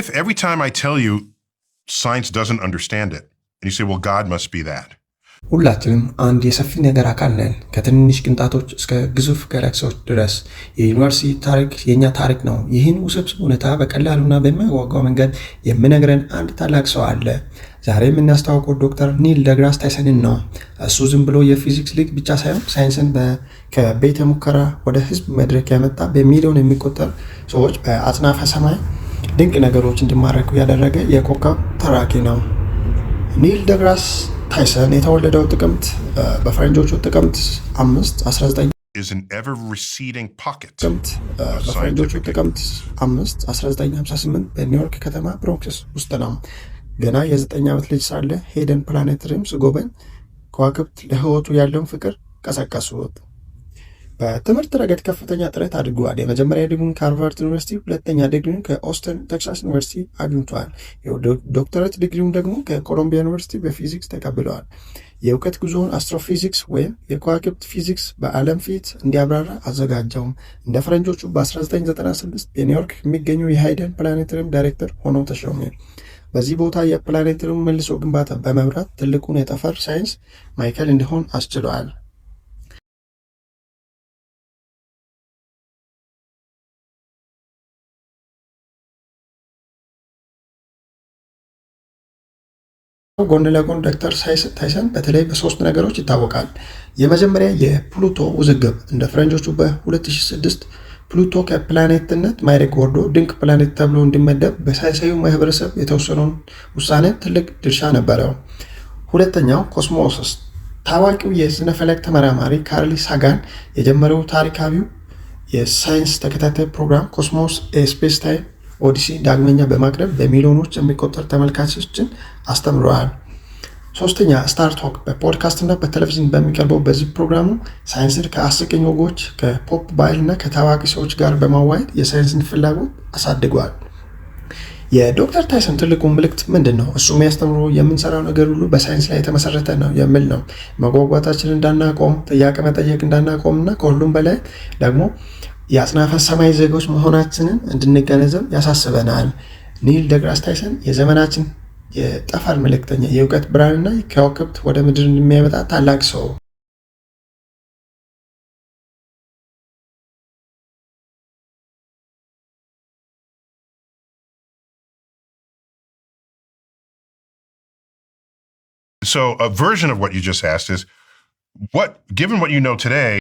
If every time I tell you science doesn't understand it, and you say, well, God must be that. ሁላችንም አንድ የሰፊ ነገር አካል ነን። ከትንንሽ ቅንጣቶች እስከ ግዙፍ ጋላክሲዎች ድረስ የዩኒቨርሲቲ ታሪክ የእኛ ታሪክ ነው። ይህን ውስብስብ እውነታ በቀላሉና በማያጓጓ መንገድ የምነግረን አንድ ታላቅ ሰው አለ። ዛሬ የምናስተዋውቀው ዶክተር ኒል ደግራስ ታይሰንን ነው። እሱ ዝም ብሎ የፊዚክስ ሊቅ ብቻ ሳይሆን ሳይንስን ከቤተ ሙከራ ወደ ህዝብ መድረክ ያመጣ በሚሊዮን የሚቆጠር ሰዎች በአጽናፈ ሰማይ ድንቅ ነገሮች እንዲማረኩ ያደረገ የኮከብ ተራኪ ነው። ኒል ደግራስ ታይሰን የተወለደው ጥቅምት በፈረንጆቹ ጥቅምት 5 1958 በኒውዮርክ ከተማ ብሮንክስ ውስጥ ነው። ገና የ9 ዓመት ልጅ ሳለ ሄደን ፕላኔታሪየም ሲጎበኝ ከዋክብት ለህይወቱ ያለውን ፍቅር ቀሰቀሱት። በትምህርት ረገድ ከፍተኛ ጥረት አድርገዋል። የመጀመሪያ ዲግሪን ከሃርቫርድ ዩኒቨርሲቲ፣ ሁለተኛ ዲግሪን ከኦስተን ቴክሳስ ዩኒቨርሲቲ አግኝተዋል። ዶክተሬት ዲግሪውን ደግሞ ከኮሎምቢያ ዩኒቨርሲቲ በፊዚክስ ተቀብለዋል። የእውቀት ጉዞውን አስትሮፊዚክስ ወይም የከዋክብት ፊዚክስ በዓለም ፊት እንዲያብራራ አዘጋጀውም። እንደ ፈረንጆቹ በ1996 በኒውዮርክ የሚገኘው የሃይደን ፕላኔትሪም ዳይሬክተር ሆኖ ተሾመ። በዚህ ቦታ የፕላኔትሪም መልሶ ግንባታ በመብራት ትልቁን የጠፈር ሳይንስ ማዕከል እንዲሆን አስችለዋል። ጎን ለጎን ዶክተር ታይሰን በተለይ በሶስት ነገሮች ይታወቃል። የመጀመሪያ የፕሉቶ ውዝግብ እንደ ፈረንጆቹ በ2006 ፕሉቶ ከፕላኔትነት ማዕረግ ወርዶ ድንቅ ፕላኔት ተብሎ እንዲመደብ በሳይንሳዊ ማህበረሰብ የተወሰነውን ውሳኔ ትልቅ ድርሻ ነበረው። ሁለተኛው ኮስሞስስ ታዋቂው የስነ ተመራማሪ ካርሊ ሳጋን የጀመረው ታሪካዊው የሳይንስ ተከታታይ ፕሮግራም ኮስሞስ ስፔስ ታይም ኦዲሲ ዳግመኛ በማቅረብ በሚሊዮኖች የሚቆጠር ተመልካቾችን አስተምረዋል። ሶስተኛ ስታርቶክ በፖድካስት እና በቴሌቪዥን በሚቀርበው በዚህ ፕሮግራሙ ሳይንስን ከአስቂኝ ወጎች ከፖፕ ባህል እና ከታዋቂ ሰዎች ጋር በማዋየት የሳይንስን ፍላጎት አሳድጓል። የዶክተር ታይሰን ትልቁ ምልክት ምንድን ነው? እሱም ያስተምሮ የምንሰራው ነገር ሁሉ በሳይንስ ላይ የተመሰረተ ነው የሚል ነው። መጓጓታችን እንዳናቆም፣ ጥያቄ መጠየቅ እንዳናቆም እና ከሁሉም በላይ ደግሞ የአጽናፈ ሰማይ ዜጎች መሆናችንን እንድንገነዘብ ያሳስበናል። ኒል ደግራስ ታይሰን የዘመናችን የጠፈር መልእክተኛ፣ የእውቀት ብርሃንና ከዋክብት ወደ ምድር እንደሚያመጣ ታላቅ ሰው። So a version of what you just asked is what given what you know today